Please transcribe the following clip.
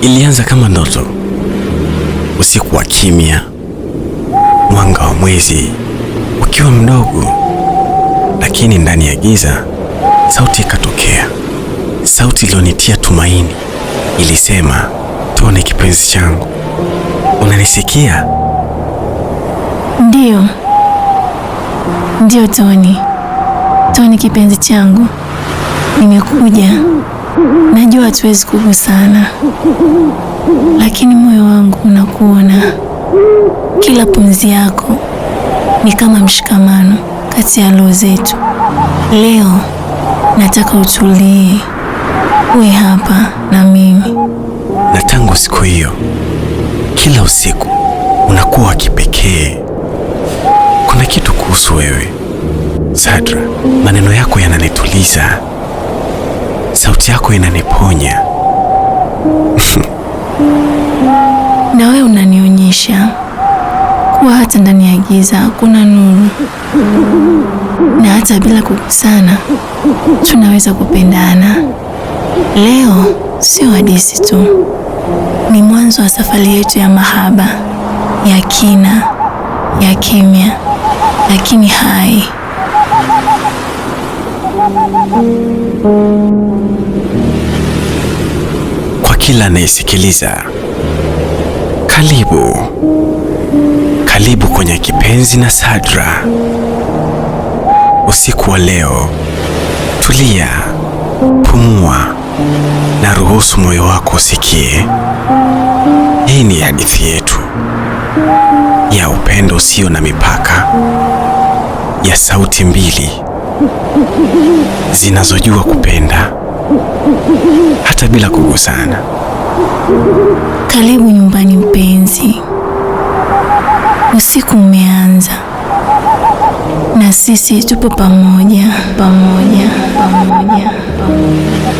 Ilianza kama ndoto, usiku wa kimya, mwanga wa mwezi ukiwa mdogo, lakini ndani ya giza sauti ikatokea, sauti ilionitia tumaini. Ilisema, tuone kipenzi changu, unanisikia? Ndiyo, ndiyo Toni, Toni kipenzi changu, nimekuja. Najua hatuwezi kugusana, lakini moyo wangu unakuona. Kila pumzi yako ni kama mshikamano kati ya roho zetu. Leo nataka utulie, uwe hapa na mimi. Na tangu siku hiyo, kila usiku unakuwa wa kipekee. Kuna kitu kuhusu wewe Sadra, maneno yako yananituliza sauti yako inaniponya na wewe unanionyesha kuwa hata ndani ya giza kuna nuru, na hata bila kugusana tunaweza kupendana. Leo sio hadithi tu, ni mwanzo wa safari yetu ya mahaba ya kina, ya kimya, lakini hai kila anayesikiliza. Karibu, karibu kwenye Kipenzi na Sadra. Usiku wa leo, tulia, pumua na ruhusu moyo wako usikie. Hii ni hadithi yetu ya upendo usio na mipaka, ya sauti mbili zinazojua kupenda hata bila kugusana. Karibu nyumbani mpenzi, usiku umeanza na sisi tupo pamoja pamoja pamoja pamoja.